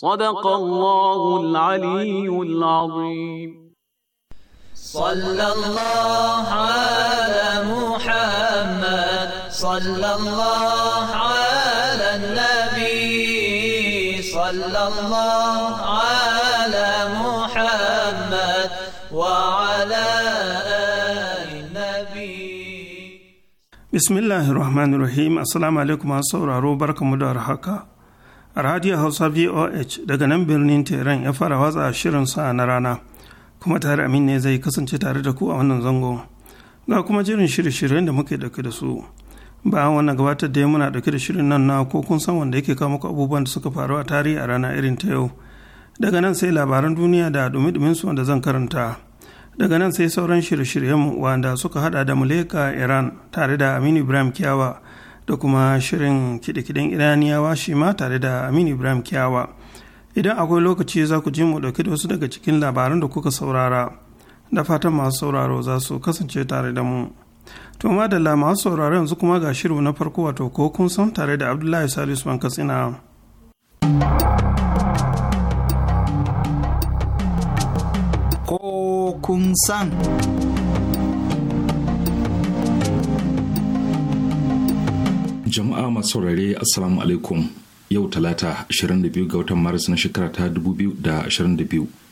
صدق الله العلي العظيم صلى الله على محمد صلى الله على النبي صلى الله على محمد وعلى آل النبي بسم الله الرحمن الرحيم السلام عليكم ورحمة الله وبركاته radio hausa voh daga nan birnin tehran ya fara watsa sa na rana kuma tare amin ne zai kasance tare da ku a wannan zango ga kuma jirin shirye-shiryen da muke dauke da su bayan wannan gabatar da muna dauke da shirin nan na ko kun san wanda yake kawo muku abubuwan da suka faru a tarihi a rana irin ta yau daga nan sai labaran duniya da dumi su wanda zan karanta daga nan sai sauran shirye-shiryen wanda suka hada da muleka iran tare da aminu ibrahim kyawa da kuma shirin kiɗe-kiɗen iraniyawa shi ma tare da amin ibrahim kyawa idan akwai lokaci za ku ji mu ɗauki da wasu daga cikin labaran da kuka saurara da fatan masu sauraro za su kasance tare da mu to madalla masu sauraro yanzu kuma ga shiru na farko wato ko kun san tare da abdullahi salisu ban katsina ko kun san Jama'a masu saurare Assalamu alaikum yau talata 22 ga watan Maris na shekara ta 2022 da ya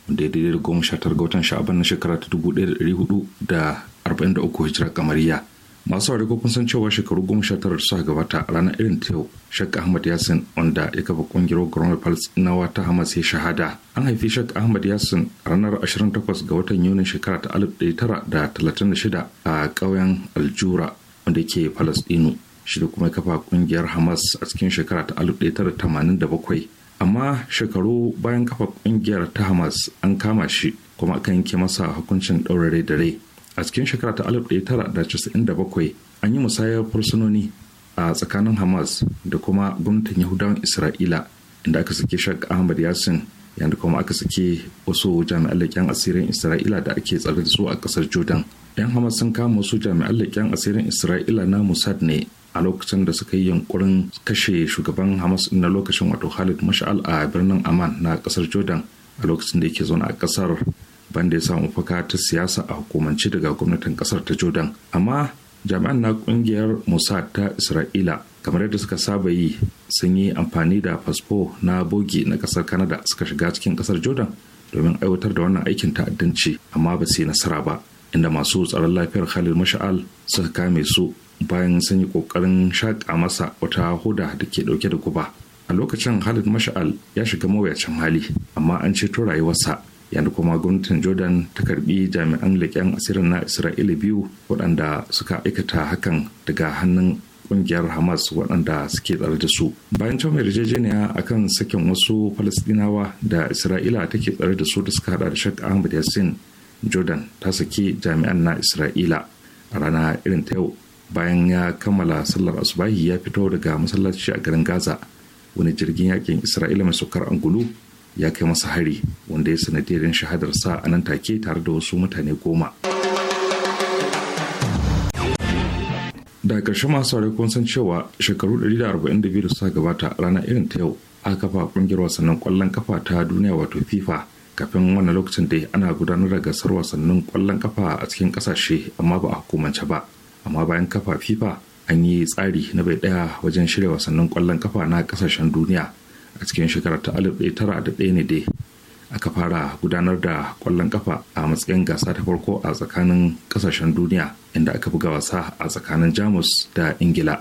daidai da goma sha tara ga watan sha'aban na shekara ta 1443 hijira kamariya. Masu saurare ko kun san cewa shekaru goma sha tara da suka gabata a ranar irin ta yau shakka Ahmad Yasin wanda ya kafa kungiyar Gwamnati na ta Hamas ya shahada. An haifi shakka Ahmad Yasin ranar 28 ga watan Yunin shekara ta 1936 a ƙauyen Aljura wanda ke Falasɗinu. shi da kuma kafa kungiyar hamas a cikin shekara ta 1987 amma shekaru bayan kafa kungiyar ta hamas an kama shi kuma aka yanke masa hukuncin ɗaurare da rai a cikin shekara ta 1997 an yi musayar fursunoni a tsakanin hamas da kuma gwamnatin yahudawan isra'ila inda aka sake shak ahmad yasin yadda kuma aka sake wasu jami'an leƙen asirin isra'ila da ake tsare da su a ƙasar jordan yan hamas sun kama wasu jami'an leƙen asirin isra'ila na musad ne a lokacin da suka yi yankurin kashe shugaban hamas na lokacin wato khalid mashal a birnin amman na kasar jordan a lokacin da yake zaune a kasar banda ya samu faka ta siyasa a hukumance daga gwamnatin kasar ta jordan amma jami'an na kungiyar mossad ta isra'ila kamar yadda suka saba yi sun yi amfani da fasfo na bogi na kasar kanada suka shiga cikin kasar jordan domin aiwatar da wannan aikin ta'addanci amma ba su yi nasara ba inda masu tsaron lafiyar khalil mashal suka kame su bayan sun yi kokarin shaƙa masa wata huda da ke dauke da guba a lokacin halid mashal ya shiga mawuyacin hali amma an ceto rayuwarsa yanda kuma gwamnatin jordan ta karbi jami'an leƙen asirin na isra'ila biyu waɗanda suka aikata hakan daga hannun ƙungiyar hamas waɗanda suke tsare da su bayan can yarjejeniya akan sakin wasu falastinawa da isra'ila take tsare da su da suka hada da shak ahmad yasin jordan ta saki jami'an na isra'ila a rana irin ta yau bayan ya kammala sallar asubahi ya fito daga masallaci a garin gaza wani jirgin yakin isra'ila mai saukar angulu ya kai masa hari wanda ya sanadiyarin sa a nan take tare da wasu mutane goma da ƙarshe masu saurari kun san cewa shekaru 142 da suka gabata rana irin ta yau aka kafa kungiyar wasannin kwallon kafa ta duniya wato fifa kafin wannan lokacin dai ana gudanar da gasar wasannin kwallon kafa a cikin kasashe amma ba a hukumance ba amma bayan kafa fifa an yi tsari na bai daya wajen shirya wasannin kwallon kafa na kasashen duniya a cikin shekarar ta alif tara da ɗaya ne dai aka fara gudanar da kwallon kafa a matsayin gasa ta farko a tsakanin kasashen duniya inda aka buga wasa a tsakanin jamus da ingila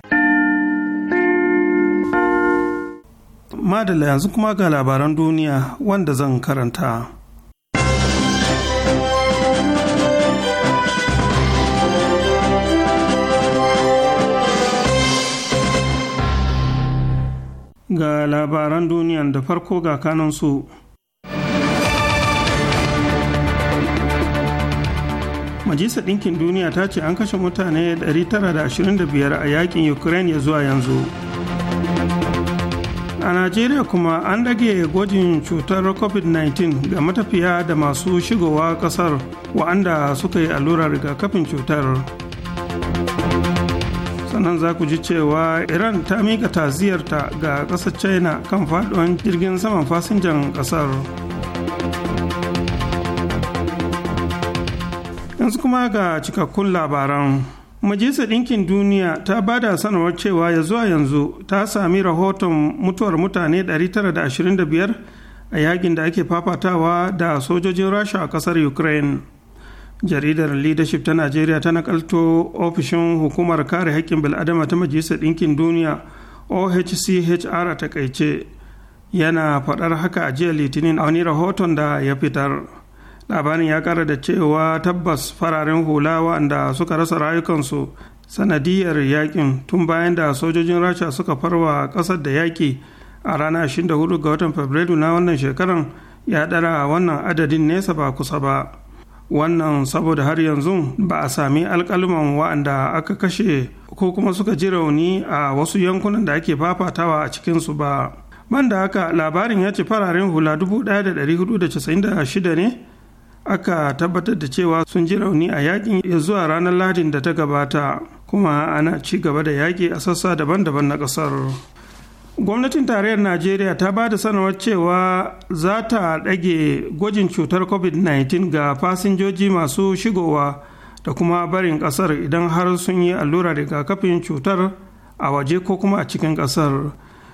Madalla yanzu kuma ga labaran duniya wanda zan karanta. Ga labaran duniyan da farko ga kanansu. majisa Ɗinkin Duniya ta ce an kashe mutane 925 a yakin Ukraine ya zuwa yanzu. a najeriya kuma an rage gwajin cutar covid-19 ga matafiya da masu shigowa kasar wa'anda suka yi allurar rigakafin cutar sannan za ku ji cewa iran ta mika taziyarta ga ƙasar china kan faɗuwan jirgin saman fasinjan ƙasar yanzu kuma ga cikakkun labaran majalisar ɗinkin duniya ta ba da sanarwar cewa ya zuwa yanzu ta sami rahoton mutuwar mutane 925 a yakin da ake fafatawa da sojojin rasha a ƙasar ukraine jaridar leadership ta najeriya ta nakalto ofishin hukumar kare haƙƙin bil'adama ta majalisar ɗinkin duniya ohchr a takaice yana faɗar haka a jiya litinin a wani rahoton da ya fitar labarin ya kara da cewa tabbas fararen hula waɗanda suka rasa rayukansu sanadiyar yakin tun bayan da sojojin rasha suka farwa ƙasar da yaki a ranar 24 ga watan fabrairu na wannan shekaran ya ɗara wannan adadin nesa ba kusa ba wannan saboda har yanzu ba a sami alƙaluman waɗanda aka kashe ko kuma suka ji rauni a wasu yankunan da ake fafatawa a cikinsu ba. Banda haka labarin ya ce fararen hula 1,496 ne aka tabbatar da cewa sun ji rauni a yakin ya zuwa ranar ladin da ta gabata kuma ana ci gaba da yaƙi a sassa daban-daban na ƙasar gwamnatin tarayyar najeriya ta ba da sanarwar cewa za ta ɗage gwajin cutar covid-19 ga fasinjoji masu shigowa da kuma barin ƙasar idan har sun yi allurar rigakafin cutar a waje ko kuma a cikin ƙasar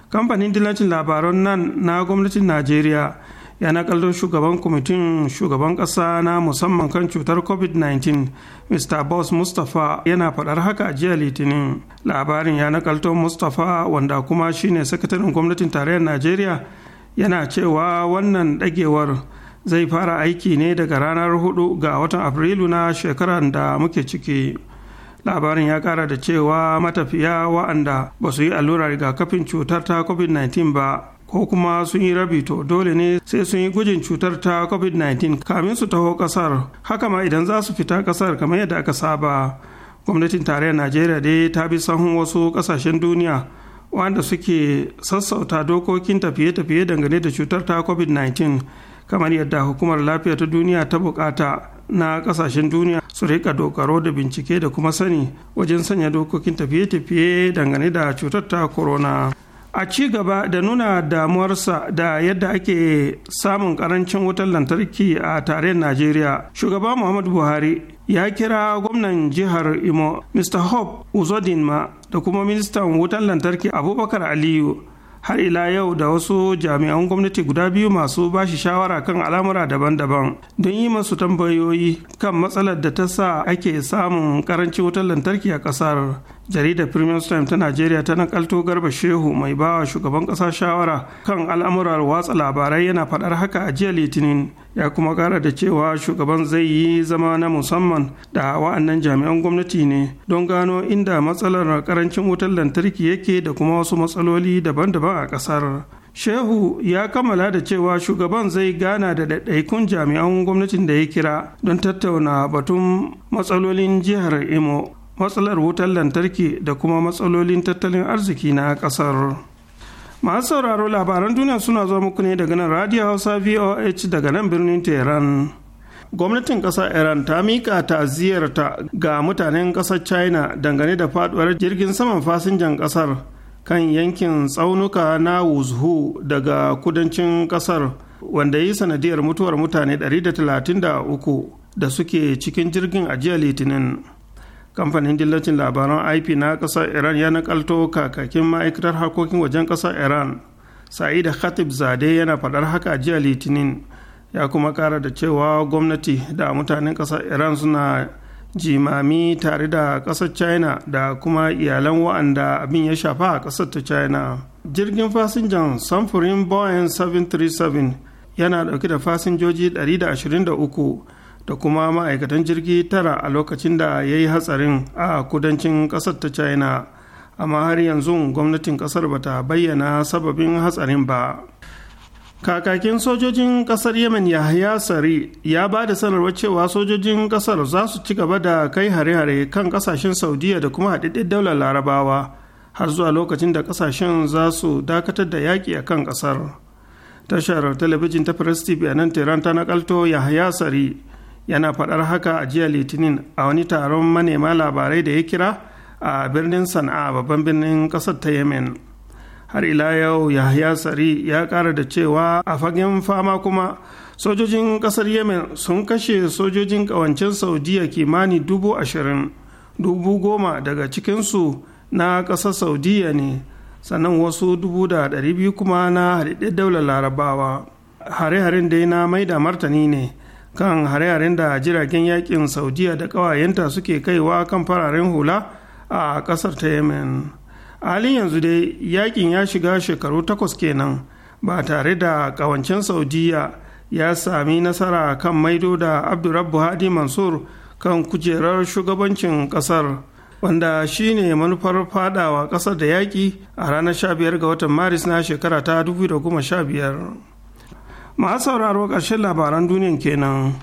kamfanin dillacin labaran nan na gwamnatin najeriya ya kallon shugaban kwamitin shugaban ƙasa na musamman kan cutar covid-19 mr boss mustapha yana faɗar haka a jiya litinin labarin ya nakalto mustapha wanda kuma shine sakataren gwamnatin tarayyar najeriya yana cewa wannan ɗagewar zai fara aiki ne daga ranar 4 ga watan afrilu na shekarar da muke ciki labarin ya kara da cewa matafiya wa'anda ba su yi allurar rigakafin cutar ta covid-19 ba ko kuma sun yi rabi to dole ne sai sun yi gujin cutar ta covid-19 kamin su taho kasar haka ma idan za su fita kasar kamar yadda aka saba gwamnatin tarayyar najeriya dai ta bi sahun wasu kasashen duniya wanda suke sassauta dokokin tafiye-tafiye dangane da cutar ta covid-19 kamar yadda hukumar lafiya ta duniya ta bukata na kasashen duniya su rika dokaro da bincike da kuma sani wajen sanya dokokin tafiye-tafiye dangane da cutar ta corona. a ci gaba da nuna damuwarsa da yadda ake samun karancin wutar lantarki a tarayyar najeriya shugaba muhammadu buhari ya kira gwamnan jihar imo mr hope uzodinma da kuma ministan wutar lantarki abubakar aliyu har ila yau da wasu jami'an gwamnati guda biyu masu bashi shawara kan al'amura daban-daban don yi masu tambayoyi kan matsalar da ta sa ake samun karancin wutar lantarki a kasar jaridar premium time ta najeriya ta nakalto garba shehu mai bawa shugaban kasa shawara kan al'amuran watsa labarai yana faɗar haka a jiya litinin ya kuma ƙara da cewa shugaban zai yi zama na musamman da wa'annan jami'an gwamnati ne don gano inda matsalar karancin wutar lantarki yake da kuma wasu matsaloli daban-daban a ƙasar shehu ya kammala da cewa shugaban zai gana da ɗaiɗaikun jami'an gwamnatin da ya kira don tattauna batun matsalolin jihar imo matsalar wutar lantarki da kuma matsalolin tattalin arziki na kasar. masu sauraro labaran duniya suna zuwa muku ne daga nan radio hausa voh daga nan birnin tehran gwamnatin ƙasar iran ta miƙa ta'aziyarta ga mutanen ƙasar china dangane da faduwar jirgin saman fasinjan ƙasar kan yankin tsaunuka na wuzhu daga kudancin ƙasar wanda yi sanadiyar mutuwar mutane 133 da suke cikin jirgin a litinin kamfanin dillacin labaran ip na ƙasar iran ya nakalto kakakin ma'aikatar harkokin wajen ƙasar iran sa'ida khatib zade yana faɗar haka jiya litinin ya kuma ƙara da cewa gwamnati da mutanen ƙasa iran suna jimami tare da ƙasar china da kuma iyalan wa'anda abin ya shafa a ƙasar ta china jirgin fasinjan samfurin boeing 737 yana ɗauke da fasinjoji 123 da kuma ma'aikatan jirgi tara a lokacin da ya yi hatsarin a kudancin ƙasar ta china amma har yanzu gwamnatin ƙasar ta bayyana sababin hatsarin ba kakakin sojojin ƙasar yemen yahya sari ya ba da sanarwar cewa sojojin ƙasar za su ci gaba da kai hare-hare kan ƙasashen saudiya da kuma haɗaɗɗen daular larabawa har zuwa lokacin da ƙasashen za su dakatar da yaƙi a kan ƙasar tashar talabijin ta press tv a nan tehran ta nakalto yahya sari yana faɗar haka a jiya litinin a wani taron manema labarai da ya kira a birnin sana'a babban birnin ƙasar ta yemen har ila yau yahya sari ya ƙara da cewa a fagen fama kuma sojojin ƙasar yemen sun kashe sojojin ƙawancin saudiya kimani dubu ashirin dubu goma daga cikinsu na ƙasar saudiya ne sannan wasu dubu da ɗari biyu kuma na haɗaɗɗen daular larabawa hare-haren dai na maida martani ne kan hare-haren da jiragen yakin saudiya da ƙawayenta suke kaiwa kan fararen hula a ƙasar ta yemen halin yanzu dai yakin ya shiga shekaru takwas kenan ba tare da ƙawancen saudiya ya sami nasara kan maido da abdurrabbu hadi mansur kan kujerar shugabancin ƙasar wanda shine manufar fadawa ƙasar da yaƙi a ranar 15 ga watan maris na shekara ta 2015 masu sauraro ƙarshen labaran duniyan kenan.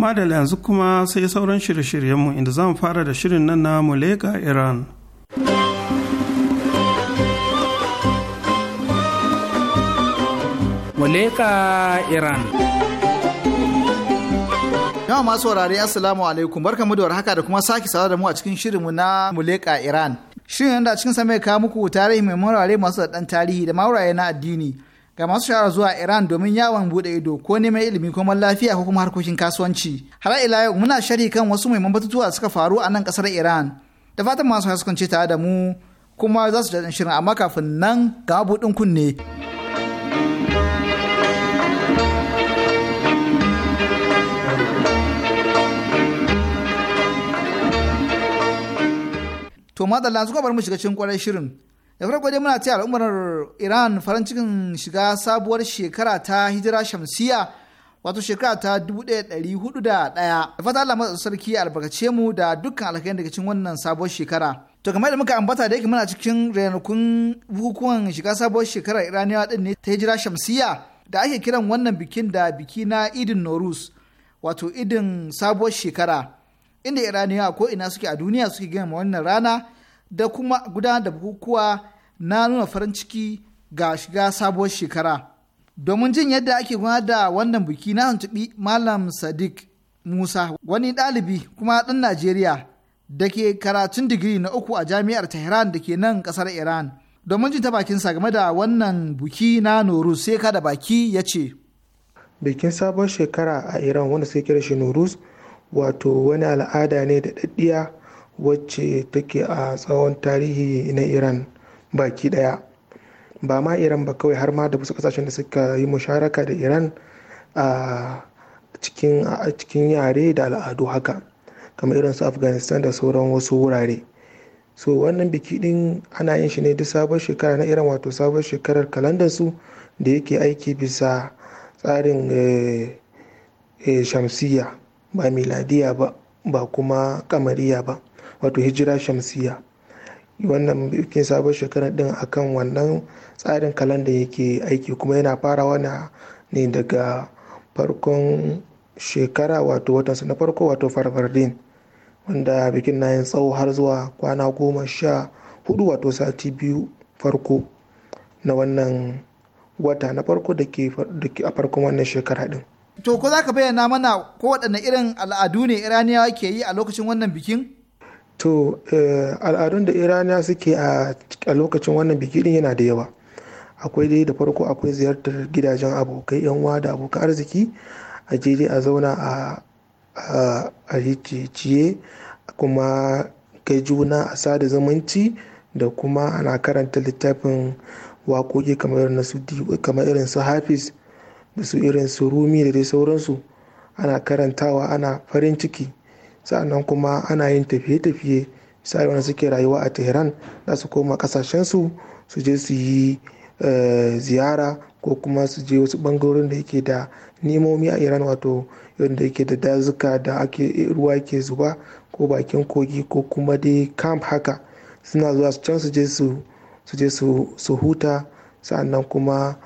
madal yanzu kuma sai sauran shirye-shiryenmu inda zamu fara da shirin nan na muleka iran muleka iran Yawan masu wurare Assalamu alaikum barka mu da warhaka da kuma sake sawa da mu a cikin shirinmu na Muleka Iran. Shirin yanda cikin sa mai kawo muku tarihi mai murare masu da tarihi da mauraye na addini ga masu shara zuwa Iran domin yawon bude ido ko neman ilimi ko lafiya ko kuma harkokin kasuwanci. Har ila yau muna shari kan wasu muhimman batutuwa da suka faru a nan kasar Iran. Da fatan masu haskance tare da mu kuma za su jaɗin shirin amma kafin nan ga buɗin kunne. to madalla su bar mu shiga cikin kwarai shirin da farko dai muna taya al'ummar iran farin cikin shiga sabuwar shekara ta hijira shamsiya wato shekara ta 1401 da fata Allah matsa sarki albarkace mu da dukkan alkhairin daga cikin wannan sabuwar shekara to kamar da muka ambata da yake muna cikin ranakun bukukuwan shiga sabuwar shekara iraniyawa din ne ta hijira shamsiya da ake kiran wannan bikin da biki na idin norus wato idin sabuwar shekara inda iraniya ko ina suke a duniya suke gina wannan rana da kuma gudanar da bukukuwa na nuna farin ciki ga shiga sabuwar shekara domin jin yadda ake gudanar da wannan biki na tuntuɓi malam sadiq musa wani ɗalibi kuma ɗan najeriya da ke karatun digiri na uku a jami'ar tehran da ke nan ƙasar iran domin jin ta bakinsa game da wannan buki na norus sai ka da baki ya ce bikin sabon shekara a iran wanda sai kira shi norus wato wani al'ada ne da daddiya wacce take a tsawon tarihi na iran baki daya ba ma iran ba kawai har ma da wasu kasashen da suka yi musharaka da iran a cikin yare da al'adu haka kamar irin su afghanistan da sauran wasu wurare so wannan biki din ana yin shi ne duk sabon shekara na iran wato sabon shekarar kalandarsu su da yake aiki bisa tsarin eh, eh, shamsiyya ba miladiya ba ba kuma kamariya ba wato hijira shamsiya wannan bikin sabon shekara din akan wannan tsarin kalanda yake aiki kuma yana farawa ne daga farkon shekara wato watansa na farko wato farfardin wanda bikin na yin tsawo har zuwa kwana goma sha hudu wato sati biyu farko na wannan wata na farko da ke a farkon wannan shekara din To ko za ka bayyana mana ko waɗanne irin al'adu ne Iraniyawa ke yi a lokacin wannan bikin? To eh, al'adun da Iraniya suke a lokacin wannan bikin din yana da yawa. Akwai dai da farko akwai ziyartar gidajen abokai yan da abokan arziki a je a zauna a a ciye kuma kai juna a sada zumunci da kuma ana karanta littafin waƙoƙi kamar su kamar irin su Hafiz da su irin su rumi da dai sauransu ana karantawa ana farin ciki sa'annan kuma ana yin tafiye-tafiye misali wanda suke rayuwa a tehran za su koma kasashensu su je su yi eh, ziyara ko kuma su je wasu bangarorin da yake da nimomi a iran wato yadda yake da dazuka da ake ruwa ke zuba ko bakin kogi ko kuma dai camp haka suna zuwa can su je su huta sa'annan kuma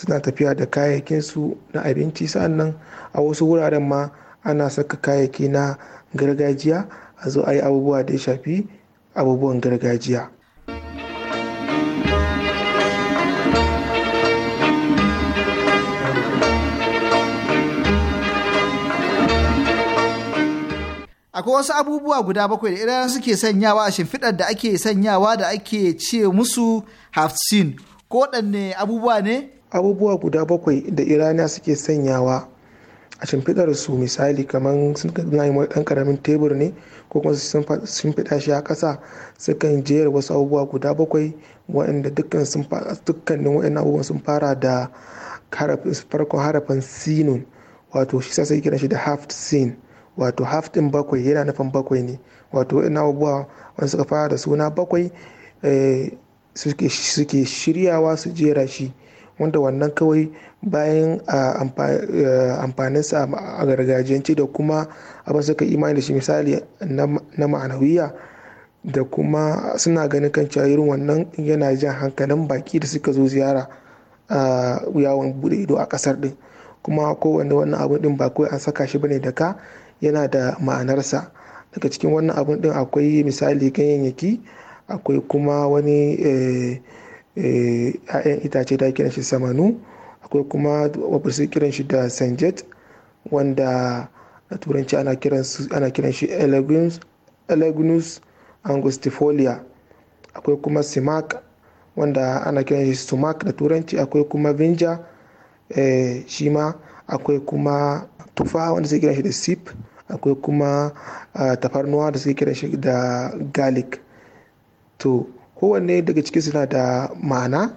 suna tafiya da kayayyakin su na abinci sannan a wasu wuraren ma ana saka kayayyaki na gargajiya a zo a yi abubuwa da ya shafi abubuwan gargajiya akwai wasu abubuwa guda bakwai da idan suke sanyawa a shimfiɗar da ake sanyawa da ake ce musu hafsin ko waɗanne abubuwa ne abubuwa guda bakwai da irana suke sanyawa a shimfidar su misali kamar sun yi ɗan karamin tebur ne ko kuma sun fiɗa shi a ƙasa sukan jera wasu abubuwa guda bakwai waɗanda dukkanin waɗannan abubuwan sun fara da farkon harafin sinun wato shi sa sai kiran shi da haft sin wato haft din bakwai yana nufin bakwai ne wato waɗannan abubuwa wanda suka fara da suna bakwai eh, suke shiryawa su jera shi wanda wannan kawai bayan e, amfaninsa a gargajiyance da kuma abin suka imani da shi misali na ma'anawiya da kuma suna ganin kan cewa irin wannan yana jan hankalin baki da suka zo ziyara a yawon bude ido a kasar din kuma kowane wannan abin din ba kawai an saka shi bane da ka yana da ma'anarsa daga cikin wannan abin din akwai misali ganyayyaki akwai kuma wani e, Eh, 'ya'yan itace da kiran shi samanu akwai kuma wadda su kiran shi da sanjet wanda a turanci ana kiran shi elegunus angustifolia akwai kuma simak wanda ana kiran shi sumak da turanci akwai kuma vinja eh, shi ma akwai kuma tufa wanda suke kiran shi da sip akwai kuma ah, tafarnuwa da suke kiran shi da garlic to kowanne daga ciki suna da ma'ana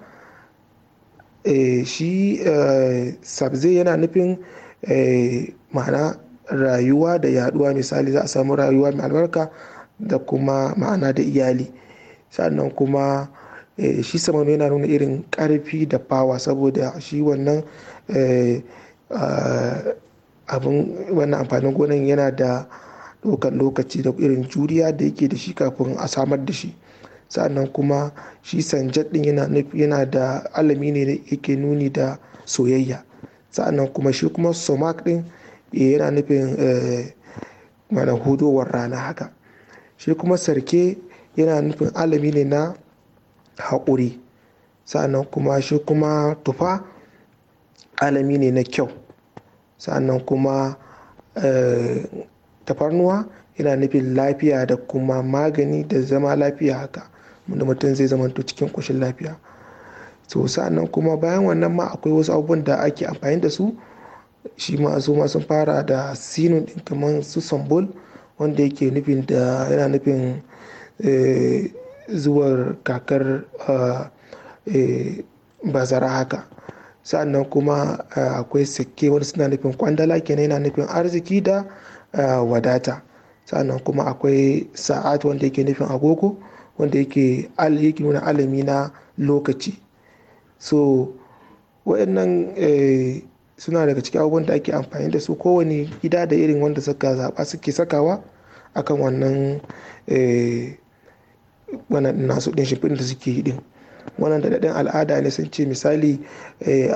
eh, shi eh, sabze yana nufin eh, ma'ana rayuwa da yaduwa misali za a samu rayuwa mai albarka da kuma ma'ana da iyali sannan kuma shi samanu yana nuna irin karfi da fawa saboda shi wannan ah, abin wannan amfanin gonan yana da lokaci da irin juriya da yake da shi kafin a samar da shi sa'annan kuma shi sanjad din yana da alami ne da yake nuni da soyayya sa'annan kuma shi kuma somak din eh, yana nufin eh, mana hudowar rana haka shi kuma sarke yana nufin alami ne na haƙuri sa'annan kuma shi kuma tufa alami ne na kyau sa'annan kuma eh, tafarnuwa yana nufin lafiya da kuma magani da zama lafiya haka da mutum zai zama cikin ƙoshin lafiya so nan kuma bayan wannan ma akwai wasu abubuwan da ake amfani da su shi ma su ma sun fara da sinun din kamar su sambol wanda yake nufin da yana nufin eh, zuwar kakar eh, eh, bazara haka nan kuma akwai sake wani suna nufin kwandala kenan yana nufin arziki da wadata nan kuma akwai sa'at wanda yake nufin agogo wanda yake yake nuna alami na lokaci so waɗannan eh, suna daga cikin abubuwan da ake amfani da su kowane gida da irin wanda suka zaɓa suke sakawa akan wannan eh, wannan nasu ɗin shimfiɗin da suke yi ɗin wannan da al'ada ne sun ce misali eh,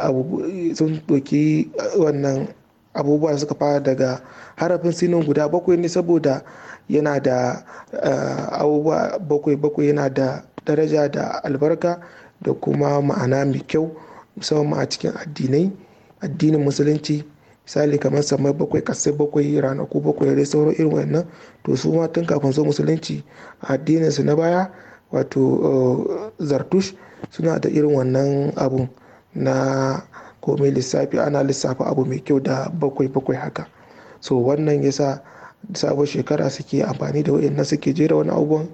sun doki wannan abubuwa da suka fara daga harafin sinin guda bakwai ne saboda yana da eh, abubuwa bakwai bakwai yana da daraja da albarka da kuma ma'ana mai kyau musamman a cikin addinai addinin musulunci misali kamar samar bakwai kasai bakwai ranaku bakwai da sauran irin wannan to su ma tun kafin zo musulunci addinin su na baya wato eh, zartush suna da irin wannan abun na komai lissafi ana lissafa abu mai kyau da bakwai bakwai haka so wannan yasa sabon shekara suke amfani da wa'in suke jera wani abubuwan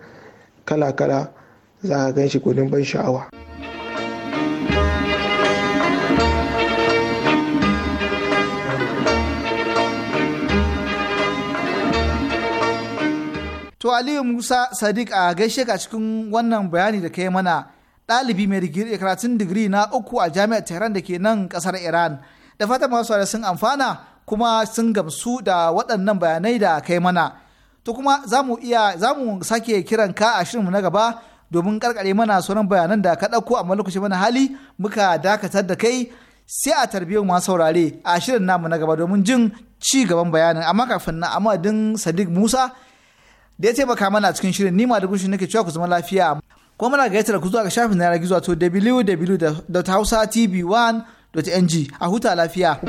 kala kala za a gan shi gudun ban sha'awa To Aliyu Musa Sadiq a gaishe ka cikin wannan bayani da ka yi mana ɗalibi mai eh, karatun digiri na uku a jami'ar Tehran da ke nan ƙasar Iran. Da fatan masu sun amfana kuma sun gamsu da waɗannan bayanai da kai mana. To kuma za mu iya za mu sake kiran ka a shirinmu na gaba domin karkare mana sauran bayanan da ka ɗauko a lokaci mana hali muka dakatar da kai sai a tarbiyyar masu saurare a shirin namu na gaba domin jin ci gaban bayanin amma kafin na amadin Sadiq Musa da ya taimaka mana cikin shirin ni ma da gushi nake cewa ku zama lafiya kuma muna da ku zuwa ga shafin na gizo to www.hausatv1.ng a huta lafiya.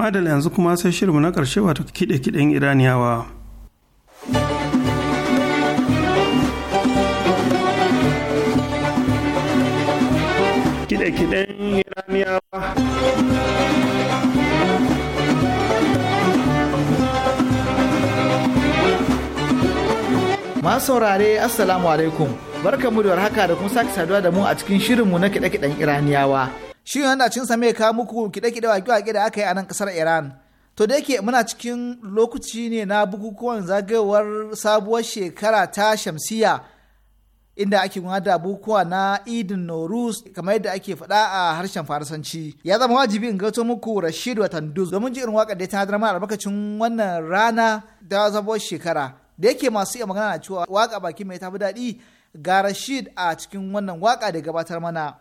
madal yanzu kuma sai shirinmu na ƙarshe wato kiɗe-kiɗen iraniyawa kiɗe-kiɗen iraniyawa masu saurare assalamu alaikum barkamu da warhaka da kun sake saduwa da mu a cikin shirinmu na kiɗe-kiɗen iraniyawa shirin yana cin same ka muku kiɗe-kiɗe wake wake da aka yi a nan ƙasar iran to da yake muna cikin lokaci ne na bukukuwan zagayowar sabuwar shekara ta Shamsiyya. inda ake gudanar da bukuwa na idin norus kamar yadda ake faɗa a harshen farisanci ya zama wajibi in gato muku rashid watandus domin ji irin waƙar da ta hadar ma albarkacin wannan rana da zabo shekara da yake masu iya magana cewa waka baki mai tafi daɗi ga rashid a cikin wannan waka da gabatar mana.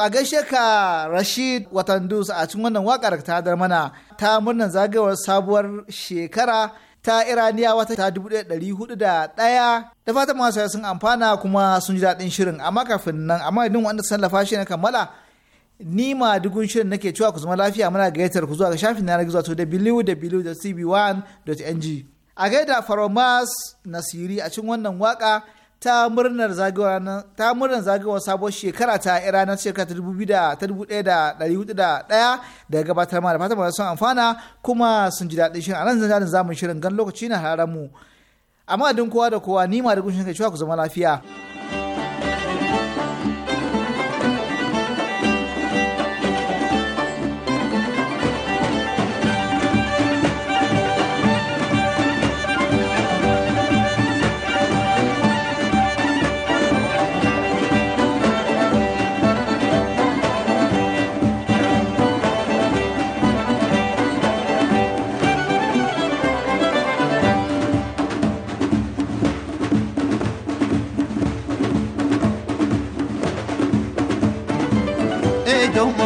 a gaishe ka Rashid Watandus a cikin wannan da ta dar mana ta murnar zagayowar sabuwar shekara ta Iraniya wata ta hudu da da fatan masu sun amfana kuma sun ji daɗin shirin amma kafin nan amma idan wanda sallafa shi na kammala ni ma dugun shirin nake cewa ku zama lafiya muna gayyatar ku zuwa ga shafin na gizo to www.cb1.ng a gaida faromas nasiri a cikin wannan waka ta murnar zagawa ta murnar sabuwar shekara ta ranar shekara ta dubu da ɗaya da ɗari hudu da ɗaya gabatar ma da fatan masu amfana kuma sun ji daɗin shirin a nan zan zamun shirin gan lokaci na hararen amma din kowa da kowa ni ma da gushin kai ku zama lafiya.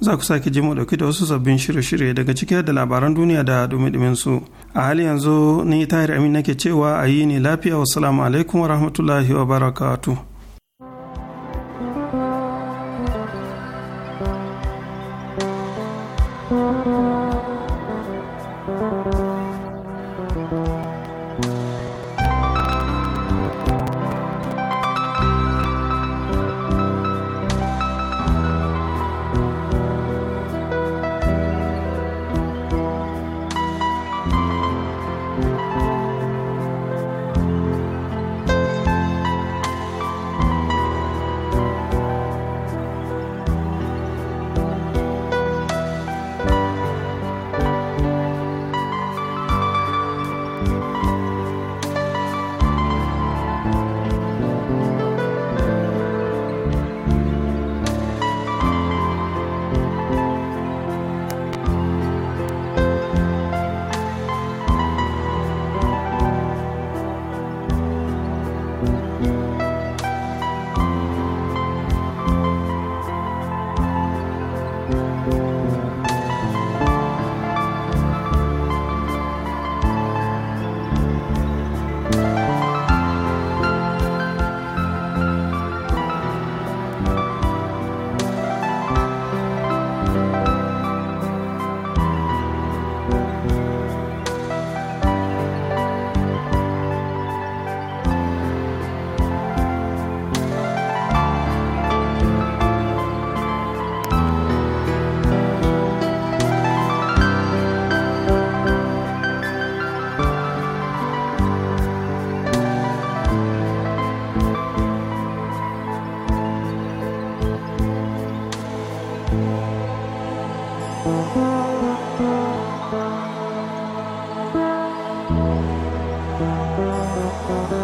za ku sake ji mu dauki da wasu sabbin shirye-shirye daga ciki da labaran duniya da dumi su a hali yanzu ni tahir amin nake cewa a yi ne lafiya wasu alaikum wa rahmatullahi wa barakatuh Thank you.